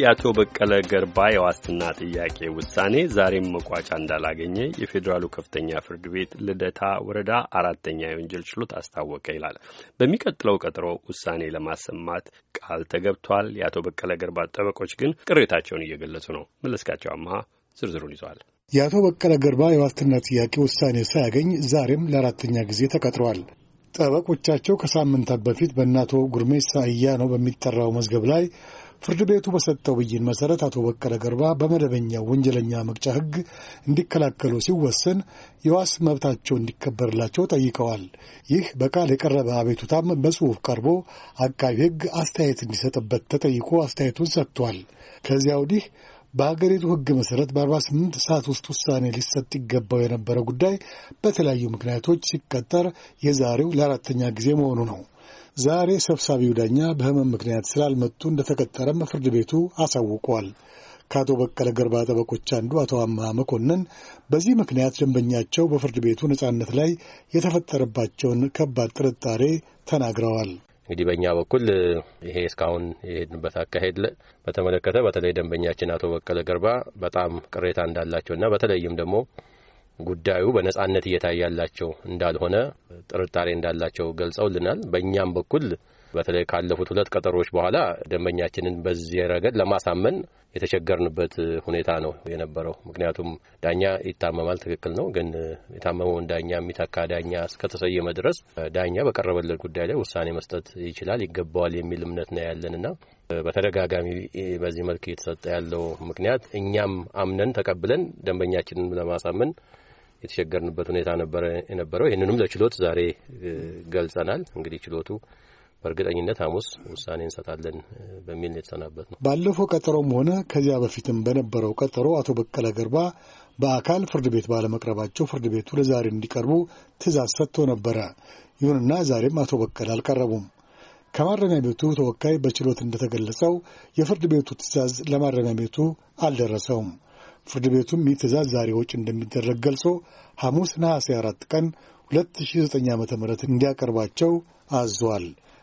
የአቶ በቀለ ገርባ የዋስትና ጥያቄ ውሳኔ ዛሬም መቋጫ እንዳላገኘ የፌዴራሉ ከፍተኛ ፍርድ ቤት ልደታ ወረዳ አራተኛ የወንጀል ችሎት አስታወቀ ይላል። በሚቀጥለው ቀጠሮ ውሳኔ ለማሰማት ቃል ተገብቷል። የአቶ በቀለ ገርባ ጠበቆች ግን ቅሬታቸውን እየገለጹ ነው። መለስካቸው አምሃ ዝርዝሩን ይዘዋል። የአቶ በቀለ ገርባ የዋስትና ጥያቄ ውሳኔ ሳያገኝ ዛሬም ለአራተኛ ጊዜ ተቀጥሯል። ጠበቆቻቸው ከሳምንታት በፊት በእነ አቶ ጉርሜሳ ነው በሚጠራው መዝገብ ላይ ፍርድ ቤቱ በሰጠው ብይን መሰረት አቶ በቀለ ገርባ በመደበኛው ወንጀለኛ መቅጫ ሕግ እንዲከላከሉ ሲወሰን የዋስ መብታቸው እንዲከበርላቸው ጠይቀዋል። ይህ በቃል የቀረበ አቤቱታም በጽሑፍ ቀርቦ አቃቢ ሕግ አስተያየት እንዲሰጥበት ተጠይቆ አስተያየቱን ሰጥቷል። ከዚያ ወዲህ በሀገሪቱ ሕግ መሠረት በ48 ሰዓት ውስጥ ውሳኔ ሊሰጥ ይገባው የነበረ ጉዳይ በተለያዩ ምክንያቶች ሲቀጠር የዛሬው ለአራተኛ ጊዜ መሆኑ ነው። ዛሬ ሰብሳቢው ዳኛ በህመም ምክንያት ስላልመጡ እንደተቀጠረም ፍርድ ቤቱ አሳውቋል። ከአቶ በቀለ ገርባ ጠበቆች አንዱ አቶ አማ መኮንን በዚህ ምክንያት ደንበኛቸው በፍርድ ቤቱ ነጻነት ላይ የተፈጠረባቸውን ከባድ ጥርጣሬ ተናግረዋል። እንግዲህ በእኛ በኩል ይሄ እስካሁን የሄድንበት አካሄድ በተመለከተ በተለይ ደንበኛችን አቶ በቀለ ገርባ በጣም ቅሬታ እንዳላቸውና በተለይም ደግሞ ጉዳዩ በነጻነት እየታያላቸው እንዳልሆነ ጥርጣሬ እንዳላቸው ገልጸውልናል። በእኛም በኩል በተለይ ካለፉት ሁለት ቀጠሮዎች በኋላ ደንበኛችንን በዚህ ረገድ ለማሳመን የተቸገርንበት ሁኔታ ነው የነበረው። ምክንያቱም ዳኛ ይታመማል፣ ትክክል ነው። ግን የታመመውን ዳኛ የሚተካ ዳኛ እስከተሰየመ ድረስ ዳኛ በቀረበለት ጉዳይ ላይ ውሳኔ መስጠት ይችላል፣ ይገባዋል የሚል እምነት ነው ያለንና በተደጋጋሚ በዚህ መልክ እየተሰጠ ያለው ምክንያት እኛም አምነን ተቀብለን ደንበኛችንን ለማሳመን የተቸገርንበት ሁኔታ ነበረ የነበረው። ይህንንም ለችሎት ዛሬ ገልጸናል። እንግዲህ ችሎቱ በእርግጠኝነት ሐሙስ ውሳኔ እንሰጣለን በሚል የተሰናበት ነው። ባለፈው ቀጠሮም ሆነ ከዚያ በፊትም በነበረው ቀጠሮ አቶ በቀለ ገርባ በአካል ፍርድ ቤት ባለመቅረባቸው ፍርድ ቤቱ ለዛሬ እንዲቀርቡ ትእዛዝ ሰጥቶ ነበረ። ይሁንና ዛሬም አቶ በቀለ አልቀረቡም። ከማረሚያ ቤቱ ተወካይ በችሎት እንደተገለጸው የፍርድ ቤቱ ትእዛዝ ለማረሚያ ቤቱ አልደረሰውም። ፍርድ ቤቱም ይህ ትእዛዝ ዛሬ ውጭ እንደሚደረግ ገልጾ ሐሙስ ነሐሴ አራት ቀን 2009 ዓ ም እንዲያቀርባቸው አዟል።